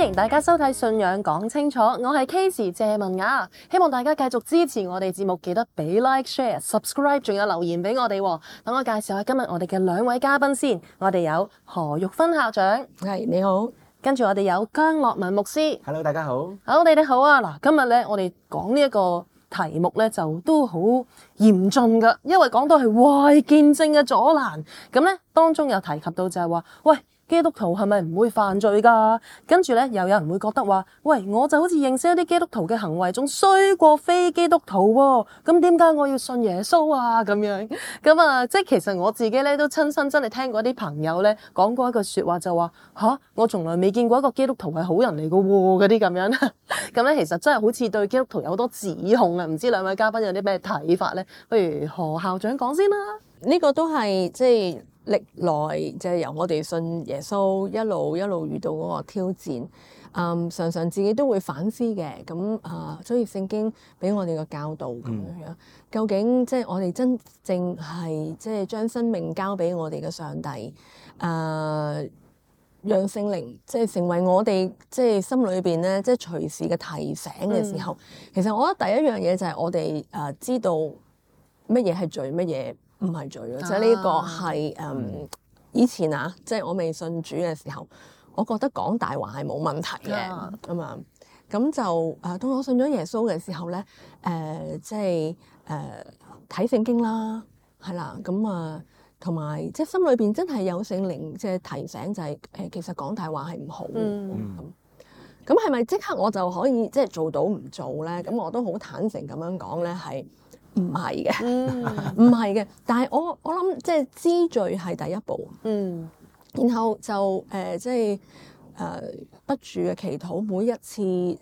歡迎大家收睇《信仰講清楚》，我係 Casey 謝文雅，希望大家繼續支持我哋節目，記得俾 like、share、subscribe，仲有留言俾我哋。等我介紹下今日我哋嘅兩位嘉賓先，我哋有何玉芬校長，係你好，跟住我哋有姜樂文牧師，hello 大家好，Hello，你哋好啊。嗱，今日咧我哋講呢一個題目咧就都好嚴峻噶，因為講到係壞見證嘅阻攔，咁咧當中有提及到就係話喂，基督徒係咪唔會犯罪噶？跟住咧，又有人會覺得話：喂，我就好似認識一啲基督徒嘅行為仲衰過非基督徒喎、哦。咁點解我要信耶穌啊？咁樣咁啊，即係其實我自己咧都親身真係聽過啲朋友咧講過一句話說話，就話：吓，我從來未見過一個基督徒係好人嚟嘅，哦，嗰啲咁樣。咁咧，其實真係好似對基督徒有好多指控啊！唔知兩位嘉賓有啲咩睇法咧？不如何校長講先啦，呢個都係即係。就是歷來即係、就是、由我哋信耶穌一路一路遇到嗰個挑戰，嗯，常常自己都會反思嘅。咁啊、呃，所以聖經俾我哋個教導咁樣、嗯、究竟即係、就是、我哋真正係即係將生命交俾我哋嘅上帝，啊、呃，讓聖靈即係成為我哋即係心裏邊咧，即係隨時嘅提醒嘅時候，嗯、其實我覺得第一樣嘢就係我哋啊、呃、知道乜嘢係罪，乜嘢唔係罪咯，即係呢個係誒、嗯、以前啊，即係我未信主嘅時候，我覺得講大話係冇問題嘅咁啊。咁 Yeah.、嗯、就誒，當我信咗耶穌嘅時候咧，誒、呃、即係誒睇聖經啦，係啦，咁、嗯、啊，同埋即係心裏邊真係有聖靈，即係提醒就係、是、誒，其實講大話係唔好。咁咁係咪即刻我就可以即係做到唔做咧？咁我都好坦誠咁樣講咧，係。唔係嘅，唔係嘅，但係我我諗即係知罪係第一步，嗯，然後就誒、呃、即係。誒、呃、不住嘅祈禱，每一次誒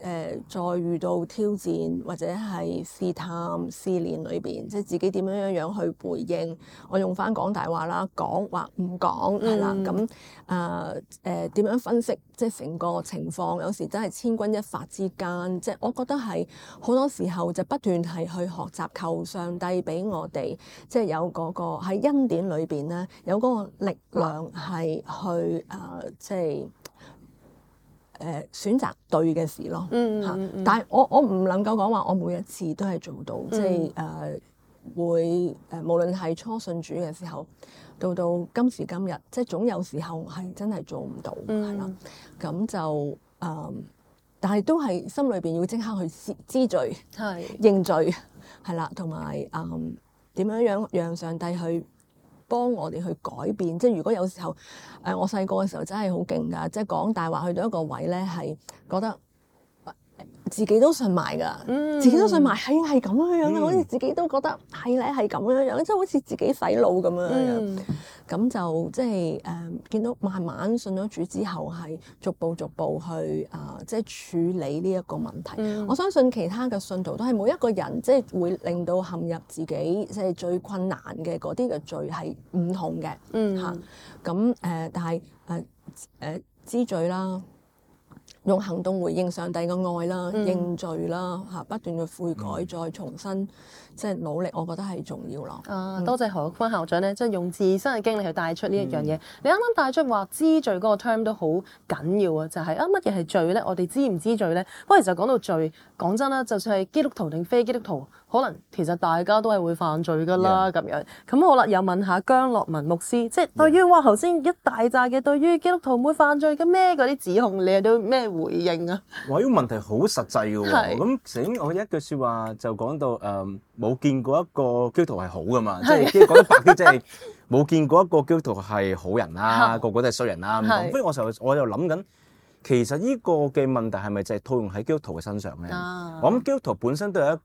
再、呃、遇到挑戰或者係試探試煉裏邊，即係自己點樣樣樣去回應。我用翻講大話啦，講或唔講係啦。咁誒誒點樣分析，即係成個情況，有時真係千鈞一髮之間。即係我覺得係好多時候就不斷係去學習求上帝俾我哋，即係有嗰、那個喺恩典裏邊咧，有嗰個力量係去誒、呃，即係。誒、呃、選擇對嘅事咯，嚇、嗯！嗯嗯、但係我我唔能夠講話我每一次都係做到，嗯、即係誒、呃、會誒、呃、無論係初信主嘅時候，到到今時今日，即係總有時候係真係做唔到，係、嗯、啦。咁就誒、呃，但係都係心裏邊要即刻去知罪，係是認罪，係啦，同埋誒點樣樣讓上帝去。幫我哋去改變，即係如果有時候，誒我細個嘅時候真係好勁㗎，即係講大話去到一個位咧，係覺得。自己都信埋㗎，嗯、自己都信埋，係係咁樣樣嘅，嗯、好似自己都覺得係咧，係咁樣樣，即係好似自己洗腦咁樣樣。咁、嗯、就即係誒，見到慢慢信咗主之後，係逐步逐步去誒，即、呃、係、就是、處理呢一個問題。嗯、我相信其他嘅信徒都係每一個人，即、就、係、是、會令到陷入自己即係最困難嘅嗰啲嘅罪係唔同嘅，嚇、嗯。咁誒、啊呃，但係誒誒知罪啦。用行動回應上帝嘅愛啦，認、嗯、罪啦，嚇不斷去悔改再重新即係努力，我覺得係重要咯。啊，多謝何坤校長咧，即係用自身嘅經歷去帶出呢一樣嘢。嗯、你啱啱帶出話知罪嗰個 term 都好緊要啊，就係啊乜嘢係罪咧？我哋知唔知罪咧？不如就講到罪。講真啦，就算係基督徒定非基督徒，可能其實大家都係會犯罪噶啦咁樣。咁好啦，又問下姜樂文牧師，即、就、係、是、對於話頭先一大扎嘅對於基督徒會犯罪嘅咩嗰啲指控，你又都咩？回應啊！我呢個問題好實際嘅喎，咁成是我一句説話就講到誒，冇、呃、見過一個基督徒係好嘅嘛，是即係講得白啲， 即係冇見過一個基督徒係好人啦、啊，嗯、個個都係衰人啦、啊。咁所以我成日我就諗緊。其實呢個嘅問題係咪就係套用喺基督徒嘅身上咧？啊、我諗基督徒本身都係一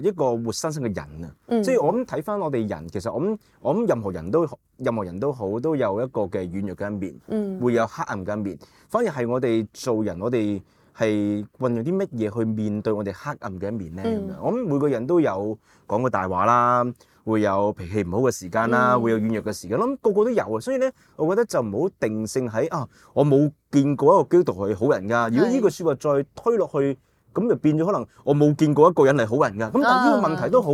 個一個活生生嘅人啊，嗯、即係我諗睇翻我哋人，其實我我諗任何人都任何人都好，任何人都好，都有一個嘅軟弱嘅一面，會有黑暗嘅一面。反而係我哋做人，我哋係運用啲乜嘢去面對我哋黑暗嘅一面咧？嗯、我諗每個人都有講過大話啦。會有脾氣唔好嘅時間啦，嗯、會有軟弱嘅時間，我諗個個都有啊。所以咧，我覺得就唔好定性喺啊，我冇見過一個基督徒係好人㗎。是如果呢個説話再推落去，咁就變咗可能我冇見過一個人係好人㗎。咁但係呢個問題都好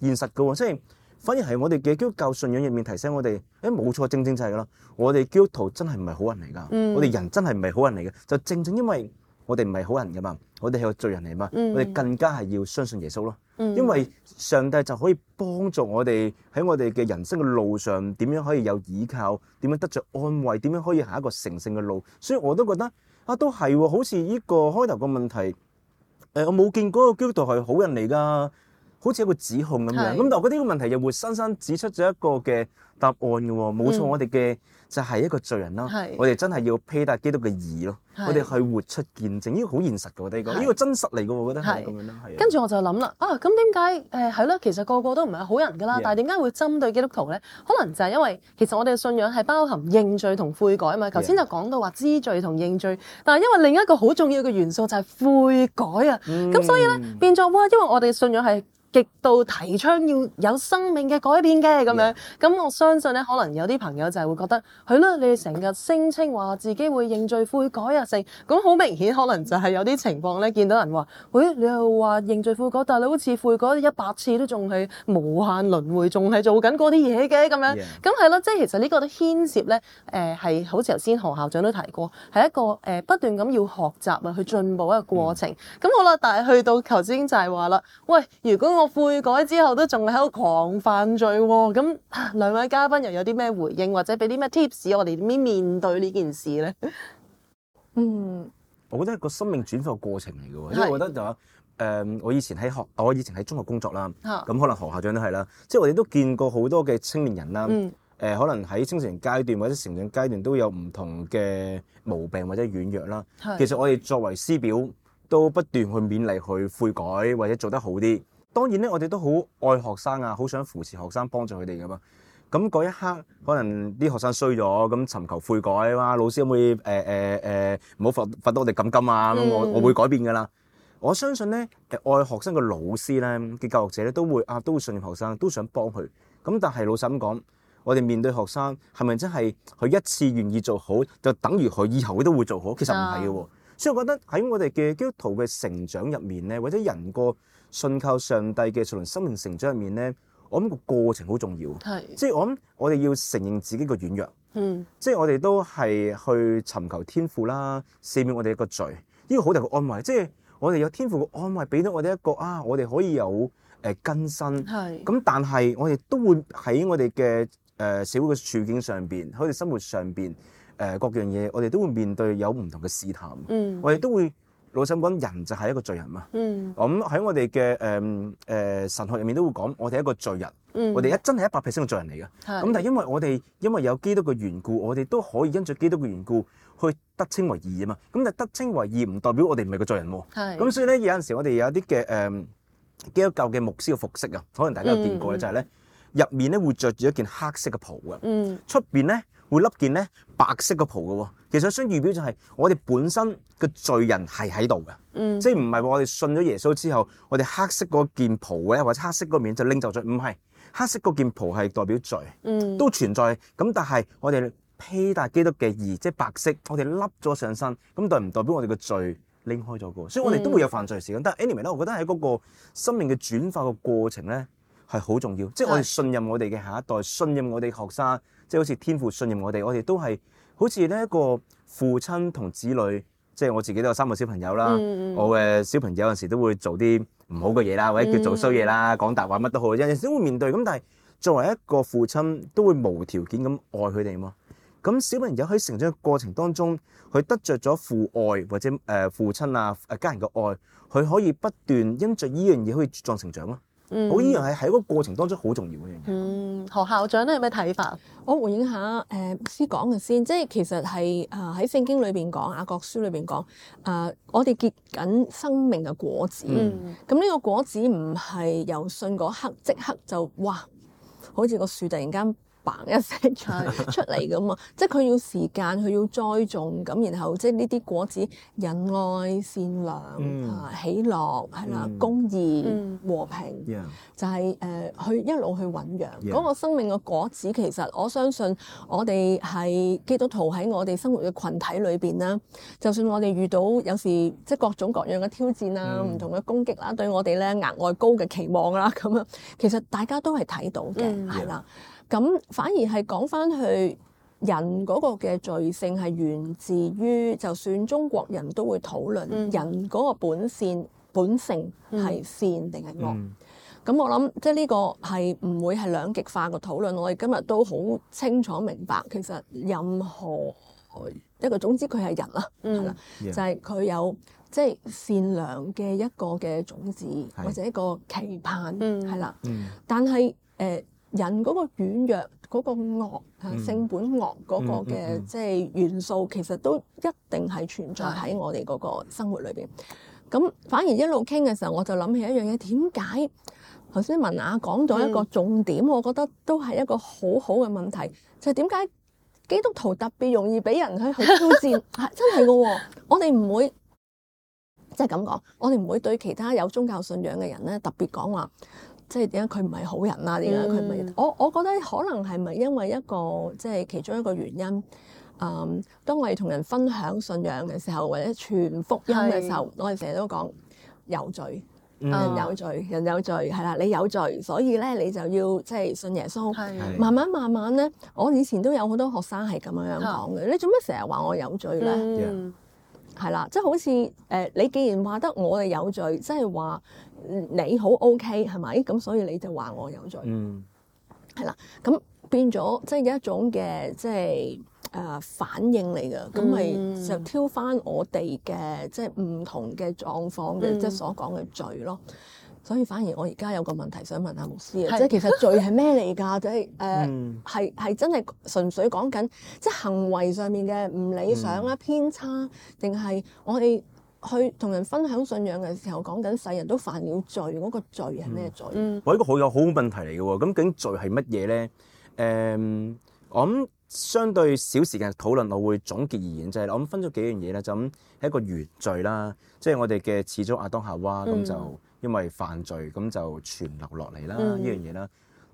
現實㗎喎，嗯、即係反而係我哋嘅基督教信仰入面提醒我哋，誒、哎、冇錯，正正就係㗎啦。我哋基督徒真係唔係好人嚟㗎，嗯、我哋人真係唔係好人嚟嘅，就正正因為，我哋唔係好人噶嘛，我哋係個罪人嚟嘛，嗯、我哋更加係要相信耶穌咯。嗯、因為上帝就可以幫助我哋喺我哋嘅人生嘅路上，點樣可以有依靠，點樣得着安慰，點樣可以行一個成聖嘅路。所以我都覺得啊，都係、哦、好似呢個開頭個問題。誒、呃，我冇見嗰個基督徒係好人嚟噶，好似一個指控咁樣。咁是但係我覺得呢個問題又活生生指出咗一個嘅。答案嘅喎，冇錯，嗯、我哋嘅就係一個罪人啦。係、嗯，我哋真係要披戴基督嘅義咯。是我哋去活出見證，呢、個好現實嘅，我哋講呢個真實嚟嘅，我覺得係咁樣咯。係是。跟住的我就諗啦，啊，咁點解誒係啦？其實個個都唔係好人㗎啦，嗯、但係點解會針對基督徒咧？可能就係因為其實我哋嘅信仰係包含認罪同悔改啊嘛。頭先就講到話知罪同認罪，但係因為另一個好重要嘅元素就係悔改啊。咁、嗯、所以咧變咗哇，因為我哋嘅信仰係極度提倡要有生命嘅改變嘅咁樣，咁 Yeah. 我相信。相信咧，可能有啲朋友就係會覺得係，咯，你哋成日聲稱話自己會認罪悔改啊，性咁好明顯，可能就係有啲情況咧，見到人話，喂、哎，你又話認罪悔改，但係你好似悔改一百次都仲係無限輪回，仲係做緊嗰啲嘢嘅咁樣，咁係咯，即係其實呢個都牽涉咧，誒、呃，係好似頭先何校長都提過，係一個誒、呃、不斷咁要學習啊，去進步一個過程咁 Yeah. 好啦。但係去到頭先就係話啦，喂，如果我悔改之後都仲係喺度狂犯罪，咁兩位家。嘉賓又有啲咩回應，或者俾啲咩 tips 我哋面面對呢件事咧？嗯 我覺得係個生命轉化過程嚟嘅喎，是因為我覺得就誒、是呃，我以前喺學，我以前喺中學工作啦，咁、啊、可能何校長都係啦，即係我哋都見過好多嘅青年人啦，誒、嗯呃，可能喺青少年階段或者成長階段都有唔同嘅毛病或者軟弱啦。是其實我哋作為師表，都不斷去勉勵、去悔改或者做得好啲。當然咧，我哋都好愛學生啊，好想扶持學生、幫助佢哋㗎嘛。咁嗰一刻，可能啲學生衰咗，咁尋求悔改，啊嘛。老師可唔可以誒誒誒，唔好罰罰到我哋咁緊啊？咁我我會改變噶啦。嗯、我相信咧，誒愛學生嘅老師咧，嘅教育者咧，都會啊，都會信任學生，都想幫佢。咁但係老實咁講，我哋面對學生係咪真係佢一次願意做好，就等於佢以後都會做好？其實唔係嘅喎。哦、所以我覺得喺我哋嘅基督徒嘅成長入面咧，或者人個信靠上帝嘅從生命成長入面咧。我諗個過程好重要，係是，即係我諗我哋要承認自己個軟弱，嗯，即係我哋都係去尋求天父啦，赦免我哋一個罪，呢個好大個安慰，即係我哋有天父個安慰，俾到我哋一個啊，我哋可以有誒、呃、更新，係是，咁但係我哋都會喺我哋嘅誒社會嘅處境上邊，喺我哋生活上邊誒、呃、各樣嘢，我哋都會面對有唔同嘅試探，嗯，我哋都會。老實講人就係一個罪人嘛。咁喺、嗯嗯、我哋嘅誒誒神學入面都會講，我哋係一個罪人。嗯、我哋一真係一百 percent 嘅罪人嚟嘅。咁是但係因為我哋因為有基督嘅緣故，我哋都可以因著基督嘅緣故去得稱為義啊嘛。咁但係得稱為義唔代表我哋唔係個罪人喎、啊。咁是所以咧有陣時我哋有啲嘅誒基督教嘅牧師嘅服飾啊，可能大家有見過咧，嗯、就係咧入面咧會着住一件黑色嘅袍嘅，出邊咧。嗯會笠件咧白色嘅袍嘅喎、哦，其實想預表就係我哋本身嘅罪人係喺度嘅，嗯、即係唔係話我哋信咗耶穌之後，我哋黑色嗰件袍咧或者黑色嗰面就拎走咗？唔係，黑色嗰件袍係代表罪，嗯、都存在。咁但係我哋披戴基督嘅義，即係白色，我哋笠咗上身，咁代唔代表我哋嘅罪拎開咗個？所以我哋都會有犯罪時間。嗯、但係 anyway 我覺得喺嗰個生命嘅轉化嘅過程咧係好重要，即係我哋信任我哋嘅下一代，是信任我哋學生。即係好似天父信任我哋，我哋都係好似呢一個父親同子女，即係我自己都有三個小朋友啦。我嘅小朋友有陣時都會做啲唔好嘅嘢啦，或者叫做衰嘢啦，講大話乜都好，有陣時都會面對。咁但係作為一個父親，都會無條件咁愛佢哋嘛。咁小朋友喺成長嘅過程當中，佢得著咗父愛或者誒父親啊誒家人嘅愛，佢可以不斷因著依樣嘢可以茁壯成長啊！嗯，好，呢樣係喺嗰個過程當中好重要嘅一樣嘢。嗯，何校長咧有咩睇法？我回應下誒牧師講嘅先，即係其實係誒喺聖經裏邊講，阿國書裏邊講誒，我哋結緊生命嘅果子。嗯，咁呢個果子唔係由信嗰刻即刻就哇，好似個樹突然間。擲一聲出出嚟咁啊！即係佢要時間，佢要栽種咁，然後即係呢啲果子，仁愛、善良、喜樂，係啦，公義、和平，就係誒，去一路去醞釀嗰個生命嘅果子。其實我相信我哋係基督徒喺我哋生活嘅群體裏邊啦。就算我哋遇到有時即係各種各樣嘅挑戰啊、唔同嘅攻擊啦，對我哋呢額外高嘅期望啦咁樣，其實大家都係睇到嘅，係啦。咁反而係講翻去人嗰個嘅罪性係源自於，就算中國人都會討論人嗰個本善本性係善定係惡。咁我諗即係呢個係唔會係兩極化嘅討論。我哋今日都好清楚明白，其實任何一個總之佢係人啦，係啦，就係佢有即係善良嘅一個嘅種子或者一個期盼，係啦，但係誒。人嗰個軟弱、嗰、嗰個惡、嗯、性本惡嗰個嘅即係元素，嗯嗯嗯、其實都一定係存在喺我哋嗰個生活裏邊。咁反而一路傾嘅時候，我就諗起一樣嘢，點解頭先文雅講咗一個重點，嗯、我覺得都係一個好好嘅問題，就係點解基督徒特別容易俾人去去挑戰？嚇， 真係㗎喎！我哋唔會即係咁講，我哋唔會對其他有宗教信仰嘅人咧特別講話。即係點解佢唔係好人啊？點解佢唔係我？我覺得可能係咪因為一個即係其中一個原因？嗯，當我哋同人分享信仰嘅時候，或者傳福音嘅時候，是我哋成日都講有罪，嗯、有罪，人有罪，係啦，你有罪，所以咧你就要即係信耶穌。是慢慢慢慢咧，我以前都有好多學生係咁樣講嘅。是你做乜成日話我有罪咧？係啦、嗯，即係好似誒，你既然話得我哋有罪，即係話。你好 OK 係咪？咁所以你就話我有罪，係啦、嗯。咁變咗即係一種嘅即係誒、呃、反應嚟㗎。咁咪、嗯、就挑翻我哋嘅即係唔同嘅狀況嘅、嗯、即係所講嘅罪咯。所以反而我而家有個問題想問下牧師啊，嗯、係即係其實罪係咩嚟㗎？即係誒係係真係純粹講緊即係行為上面嘅唔理想啦、偏差，定係我哋？去同人分享信仰嘅時候，講緊世人都犯了罪，嗰個罪係咩罪？我、嗯嗯、 一個好有好好問題嚟嘅喎。咁究竟罪係乜嘢咧？誒、嗯，我諗相對少時間討論，我會總結而言，就係、是、我諗分咗幾樣嘢咧，就咁、是、係一個原罪啦，即、就、係、是、我哋嘅始祖亞當夏娃咁就因為犯罪咁就傳流落嚟啦呢樣嘢啦。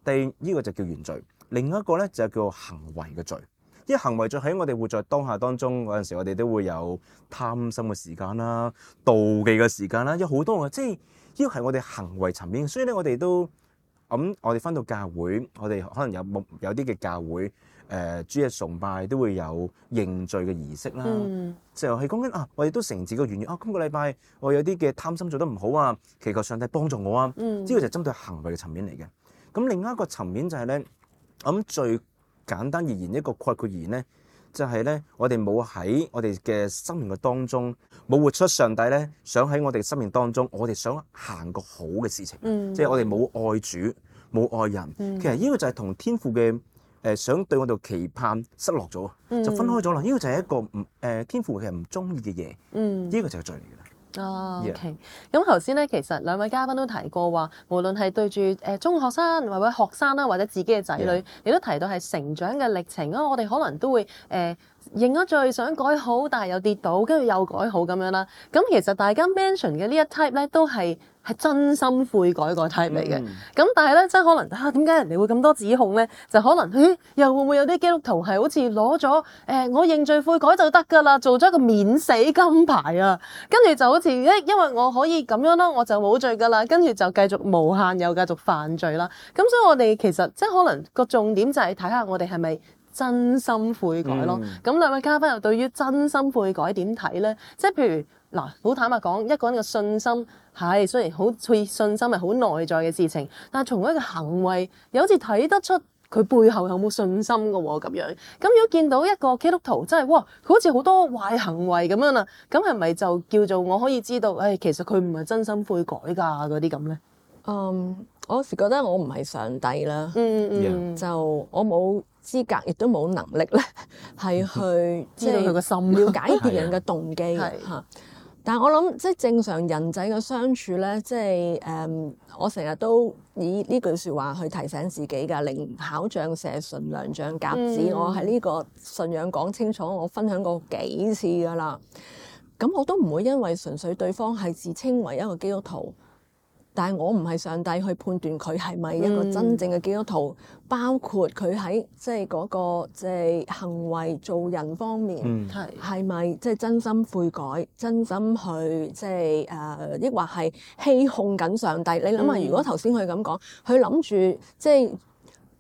第依個就叫原罪，另一個咧就叫行為嘅罪。啲行為在喺我哋活在當下當中嗰陣時，我哋都會有貪心嘅時間啦、妒忌嘅時間啦，有好多嘅，即係呢個係我哋行為層面。所以咧、嗯，我哋都咁，我哋翻到教會，我哋可能有冇有啲嘅教會誒、呃，主日崇拜都會有認罪嘅儀式啦，嗯、就係講緊啊，我哋都承認個原罪啊。今個禮拜我有啲嘅貪心做得唔好啊，祈求上帝幫助我啊。呢個就係針對行為嘅層面嚟嘅。咁、嗯嗯、另外一個層面就係、是、咧，咁、嗯、最。簡單而言，一個概括而言咧，就係咧，我哋冇喺我哋嘅生命嘅當中，冇活出上帝咧，想喺我哋生命當中，我哋想行個好嘅事情，即係、嗯、我哋冇愛主，冇愛人。其實呢個就係同天父嘅誒、呃、想對我哋期盼失落咗，就分開咗啦。呢、呢個就係一個唔誒、呃、天父其實唔中意嘅嘢。嗯，呢個就係罪嚟嘅。啊、oh，OK，咁頭先咧，其實兩位嘉賓都提過話，無論係對住誒、呃、中學生或者學生啦，或者自己嘅仔女，Yeah. 你都提到係成長嘅歷程啊。我哋可能都會誒。呃認咗罪想改好，但係又跌倒，跟住又改好咁樣啦。咁其實大家 mention 嘅呢一 type 咧，都係係真心悔改個 type 嚟嘅。咁、嗯、但係咧，真可能啊點解人哋會咁多指控咧？就可能誒，又會唔會有啲基督徒係好似攞咗誒我認罪悔改就得㗎啦，做咗一個免死金牌啊？跟住就好似誒、哎，因為我可以咁樣咯，我就冇罪㗎啦，跟住就繼續無限又繼續犯罪啦。咁所以我哋其實即係可能個重點就係睇下我哋係咪？真心悔改咯，咁兩位嘉賓又對於真心悔改點睇呢？即係譬如嗱，好坦白講，一個人嘅信心係雖然好，信心係好內在嘅事情，但係從一個行為又好似睇得出佢背後有冇信心嘅喎，咁樣。咁如果見到一個基督徒真係哇，佢好似好多壞行為咁樣啦，咁係咪就叫做我可以知道，誒、哎，其實佢唔係真心悔改㗎嗰啲咁呢？嗯，我有時覺得我唔係上帝啦，嗯，Yeah. 就我冇資格亦都冇能力咧，係去即係 了解別人嘅動機嘅 的但係我諗即係正常人仔嘅相處咧，即係誒、嗯，我成日都以呢句説話去提醒自己㗎。靈巧像蛇，純良像鴿子。嗯、我喺呢個信仰講清楚，我分享過幾次㗎啦。咁我都唔會因為純粹對方係自稱為一個基督徒，但係我唔係上帝去判斷佢係咪一個真正嘅基督徒，嗯、包括佢喺即係嗰個即係、即係、行為做人方面係係咪即係真心悔改、真心去即係誒，抑、呃、或係欺哄緊上帝？嗯、你諗下，如果頭先佢咁講，佢諗住即係。即係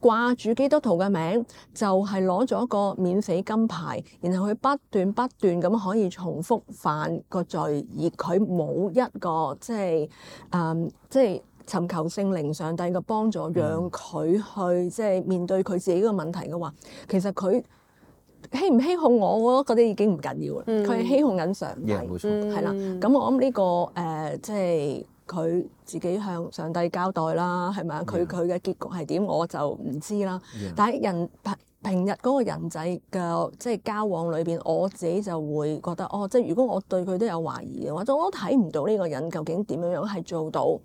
掛住基督徒嘅名，就係攞咗個免死金牌，然後佢不斷不斷咁可以重複犯個罪，而佢冇一個即係誒，即係、嗯、尋求聖靈、上帝嘅幫助，讓佢去即係面對佢自己嘅問題嘅話，其實佢希唔希控我，我覺得已經唔緊要、嗯、啦。佢係希控緊上帝，冇錯，係啦。咁我諗呢個誒，即係。佢自己向上帝交代啦，係咪啊？佢佢嘅結局係點，我就唔知啦。Yeah. 但係人平日嗰個人際嘅即係交往裏邊，我自己就會覺得，哦，即係如果我對佢都有懷疑嘅話，就我都睇唔到呢個人究竟點樣樣係做到。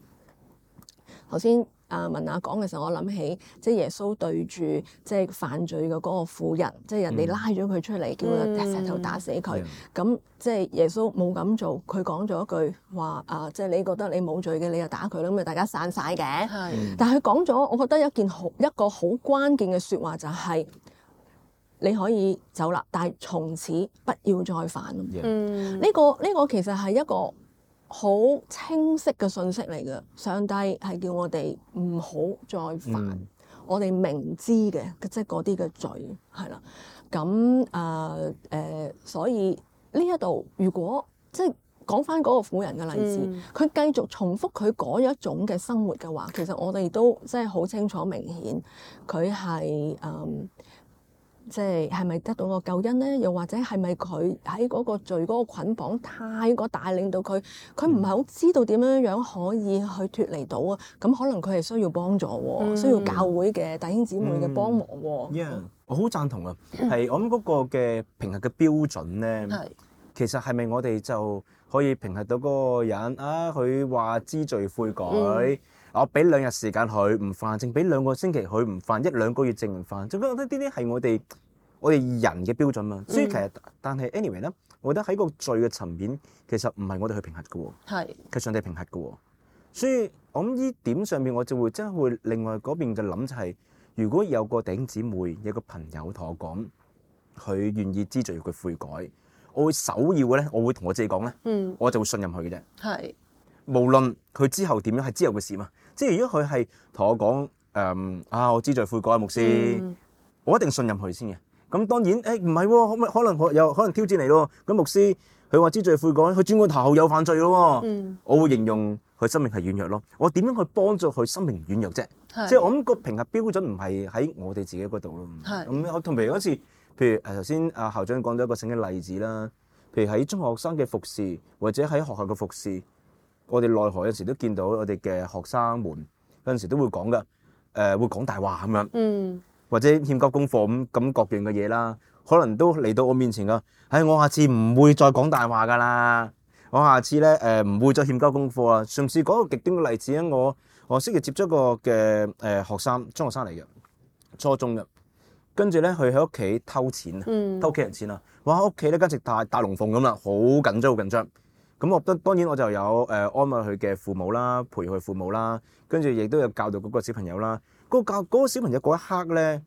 頭先。啊！問啊講嘅時候，我諗起即係耶穌對住即係犯罪嘅嗰個婦人，嗯、即係人哋拉咗佢出嚟，叫佢石頭打死佢。咁、嗯、即係耶穌冇咁做，佢講咗一句話：啊，即係你覺得你冇罪嘅，你就打佢啦。咁咪，大家散晒嘅。係、嗯。但係佢講咗，我覺得一件好一個好關鍵嘅説話就係、是、你可以走啦，但係從此不要再犯。嗯。呢、嗯這個呢、這個其實係一個。好清晰嘅信息嚟嘅，上帝係叫我哋唔好再犯，嗯、我哋明知嘅，即係嗰啲嘅罪，係啦。咁啊，誒、呃呃，所以呢一度，如果即係講翻嗰個婦人嘅例子，佢、嗯、繼續重複佢嗰一種嘅生活嘅話，其實我哋都即係好清楚、明顯，佢係誒。呃即係係咪得到個救恩咧？又或者係咪佢喺嗰個罪嗰個捆綁太過大，令到佢佢唔係好知道點樣樣可以去脱離到啊？咁、嗯、可能佢係需要幫助，需要教會嘅弟兄姊妹嘅幫忙。Yeah，我好贊同啊！係我諗嗰個嘅評核嘅標準咧，嗯、其實係咪我哋就可以評核到嗰個人啊？佢話知罪悔改。嗯我俾兩日時間佢唔犯，淨俾兩個星期佢唔犯，一兩個月淨唔犯，總之我覺得呢啲係我哋我哋人嘅標準嘛。嗯、所以其實，但係 anyway 咧，我覺得喺個罪嘅層面，其實唔係我哋去評核嘅喎、哦，係是，係上帝評核嘅喎、哦。所以我諗呢點上邊，我就會真係會另外嗰邊嘅諗就係、是，如果有個頂姊妹，有個朋友同我講，佢願意知罪佢悔改，我會首要嘅咧，我會同我自己講咧，嗯、我就會信任佢嘅啫。係是，無論佢之後點樣係之後嘅事嘛。即係如果佢係同我講誒、嗯、啊，我知罪悔改啊，牧師，嗯、我一定信任佢先嘅。咁當然誒唔係，可可能我有可能挑戰你咯。咁牧師佢話知罪悔改，佢轉個頭後有犯罪咯。嗯、我會形容佢生命係軟弱咯。我點樣去幫助佢生命軟弱啫？是即係我諗個評核標準唔係喺我哋自己嗰度咯。咁是，我同譬如嗰次，譬如頭先啊校長講咗一個聖經嘅例子啦，譬如喺中學生嘅服侍，或者喺學校嘅服侍。我哋內河有時都見到我哋嘅學生們，有時都會講噶，誒、呃、會講大話咁樣，嗯、或者欠交功課咁咁各樣嘅嘢啦，可能都嚟到我面前噶。誒，我下次唔會再講大話噶啦，我下次咧誒唔會再欠交功課啊。上次講個極端嘅例子咧，我我昔日接觸一個嘅誒學生，中學生嚟嘅，初中嘅，跟住咧佢喺屋企偷錢偷屋企人錢啊，喺屋企咧跟住大大龍鳳咁啦，好緊張，好緊張。咁我覺得當然我就有誒安慰佢嘅父母啦，陪佢父母啦，跟住亦都有教導嗰個小朋友啦。嗰教嗰個小朋友嗰一刻咧，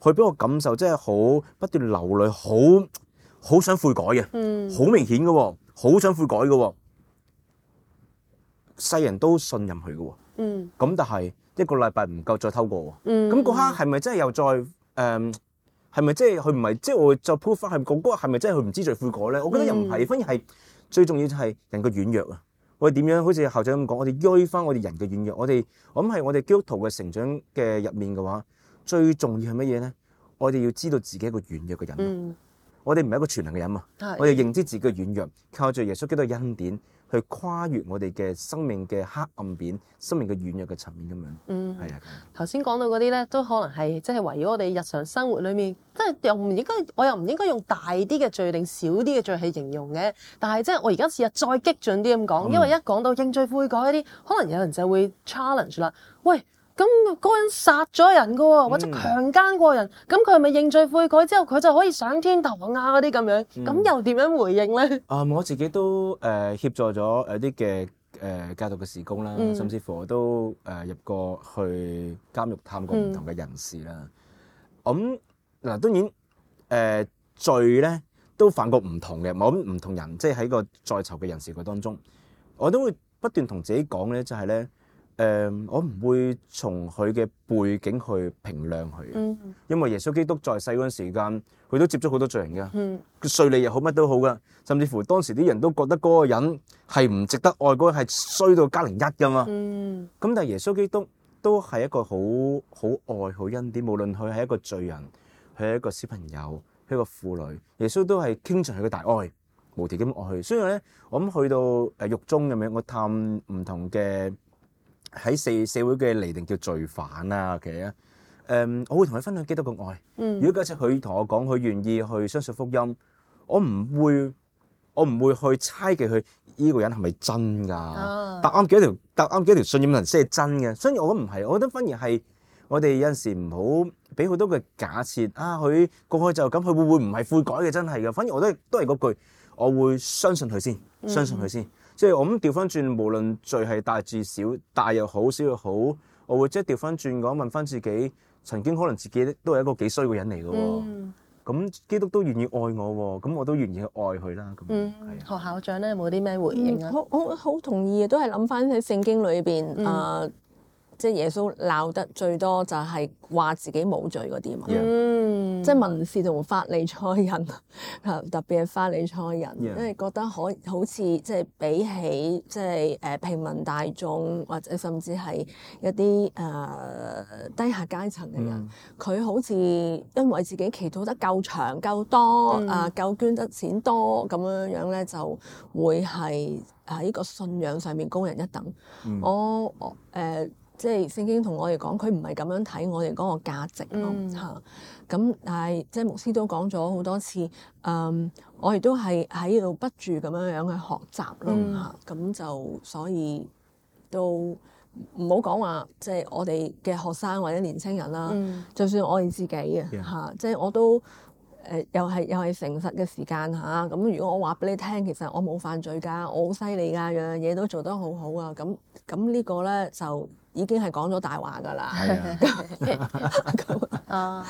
佢俾我感受，真係好不斷流淚，好好想悔改嘅，好、嗯、明顯嘅，好想悔改嘅。世人都信任佢嘅，咁但係一個禮拜唔夠再偷過，咁嗰、嗯、刻係咪真係又再誒？係咪即係佢唔係即係我再 prove 嗰個係咪真係佢唔知罪悔改咧？我覺得又唔係，反而係。最重要就係人嘅軟弱啊！我哋點樣？好似校長咁講，我哋哀翻我哋人嘅軟弱。我哋我諗係我哋基督徒嘅成長嘅入面嘅話，最重要係乜嘢咧？我哋要知道自己一個軟弱嘅人、嗯、我哋唔係一個全能嘅人啊！我哋認知自己嘅軟弱，靠住耶穌基督嘅恩典。去跨越我哋嘅生命嘅黑暗面、生命嘅軟弱嘅層面咁樣，嗯，係啊的。頭先講到嗰啲咧，都可能係即係圍繞我哋日常生活裏面，即係又唔應該，我又唔應該用大啲嘅罪定少啲嘅罪去形容嘅。但係即係我而家試下再激進啲咁講，嗯、因為一講到認罪悔改呢啲，可能有人就會 challenge 啦。喂！咁嗰人殺咗人嘅喎，或者強奸過人，咁佢係咪認罪悔改之後，佢就可以上天堂啊？嗰啲咁樣，咁、嗯、又點樣回應咧？啊，我自己都誒、呃、協助咗有啲嘅誒監獄嘅事工啦，嗯、甚至乎我都誒、呃、入過去監獄探過唔同嘅人士啦。咁嗱、嗯嗯嗯，當然誒罪咧都犯過唔同嘅，我諗唔同人即係喺個在囚嘅人士嘅當中，我都會不斷同自己講咧，就係、是、咧。就是呢誒、嗯，我唔會從佢嘅背景去評量佢，嗯、因為耶穌基督在世嗰陣時間，佢都接觸好多罪人嘅，佢稅、嗯、吏又好，乜都好嘅。甚至乎當時啲人都覺得嗰個人係唔值得愛，嗰個係衰到加零一嘅嘛。咁、嗯、但係耶穌基督都係一個好好愛、好恩典，無論佢係一個罪人，佢係一個小朋友，佢一個婦女，耶穌都係傾盡佢嘅大愛、無條件咁嘅愛。所以咧，我諗去到誒獄中入面，我探唔同嘅。喺社社會嘅嚟定叫罪犯啊，其實誒，我會同佢分享基督嘅愛。嗯，如果假設佢同我講，佢願意去相信福音，我唔會，我唔會去猜忌佢呢、呢個人係咪真㗎？哦、答啱幾條，搭啱幾條信仰人先係真嘅。所以，我覺得唔係，我覺得反而係我哋有陣時唔好俾好多嘅假設啊，佢過去就咁，佢會唔會唔係悔改嘅？真係嘅，反而我都都係個句，我會相信佢先。嗯、相信佢先，即係我諗調翻轉，無論罪係大至少，大又好，小又好，我會即係調翻轉講，問翻自己，曾經可能自己都係一個幾衰嘅人嚟嘅喎。咁、嗯、基督都願意愛我喎，咁我都願意去愛佢啦。咁，係、嗯、啊。何校長咧，有冇啲咩回應啊？我我好同意啊，都係諗翻喺聖經裏邊啊。嗯呃即係耶穌鬧得最多就係話自己冇罪嗰啲嘛，嗯，Yeah. 即係民事同法利賽人，特別係法利賽人，Yeah. 因為覺得可好似即係比起即係誒、呃、平民大眾或者甚至係一啲誒、呃、低下階層嘅人，佢、mm. 好似因為自己祈禱得夠長夠多啊，夠、mm. 呃、捐得錢多咁樣樣咧，就會係喺個信仰上面高人一等。Mm. 我誒。呃呃即係聖經同我哋講，佢唔係咁樣睇我哋嗰個價值咯嚇。咁、嗯、但係即係牧師都講咗好多次，誒、嗯、我亦都係喺度不住咁樣樣去學習咯嚇。咁就、嗯嗯、所以都唔好講話，即係我哋嘅學生或者年青人啦。嗯、就算我哋自己嘅嚇 Yeah.，即係我都誒、呃、又係又係誠實嘅時間嚇。咁、啊、如果我話俾你聽，其實我冇犯罪㗎，我好犀利㗎，樣樣嘢都做得好好啊。咁咁呢個咧就，已經係講咗大話㗎啦！啊，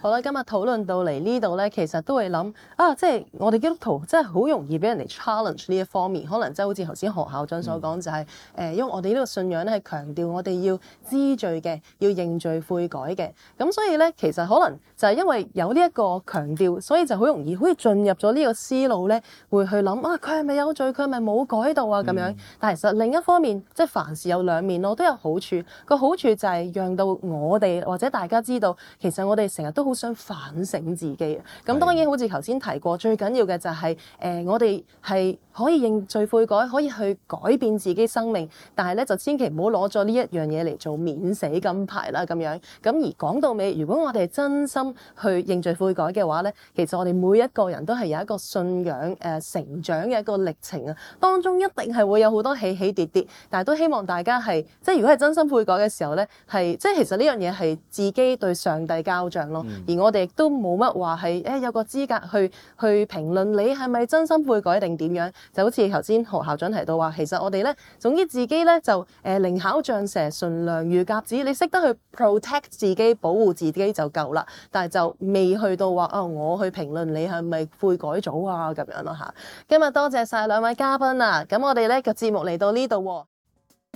好啦，今日討論到嚟呢度咧，其實都係諗都會諗啊，即係我哋基督徒真係好容易俾人哋 challenge 呢一方面，可能即係好似頭先何校長所講，就係誒，因為我哋呢個信仰咧係強調我哋要知罪嘅，要認罪悔改嘅，咁所以咧其實可能就係因為有呢一個強調，所以就好容易可以進入咗呢個思路咧，會去諗啊，佢係咪有罪？佢係咪冇改到啊？咁樣，嗯、但係其實另一方面，即係凡事有兩面，我都有好個好處就係讓到我哋或者大家知道，其實我哋成日都好想反省自己。咁當然，的好似頭先提過，最緊要嘅就係、是、誒、呃，我哋係。可以認罪悔改，可以去改變自己生命，但係咧就千祈唔好攞咗呢一樣嘢嚟做免死金牌啦咁樣。咁而講到尾，如果我哋真心去認罪悔改嘅話咧，其實我哋每一個人都係有一個信仰誒、呃、成長嘅一個歷程啊。當中一定係會有好多起起跌跌，但係都希望大家係即係如果係真心悔改嘅時候咧，係即係其實呢樣嘢係自己對上帝交賬咯。嗯、而我哋亦都冇乜話係誒有個資格去去評論你係咪真心悔改定點樣。就好似頭先何校長提到話，其實我哋呢總之自己呢就誒靈巧像蛇，純良如鴿子，你識得去 protect 自己，保護自己就夠啦。但係就未去到話啊、哦，我去評論你係咪悔改咗啊咁樣咯吓，今日多謝晒兩位嘉賓啊！咁我哋呢、呢個節目嚟到呢度。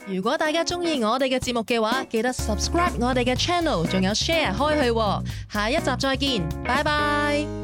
如果大家中意我哋嘅節目嘅話，記得 subscribe 我哋嘅 channel，仲有 share 開去。下一集再見，拜拜。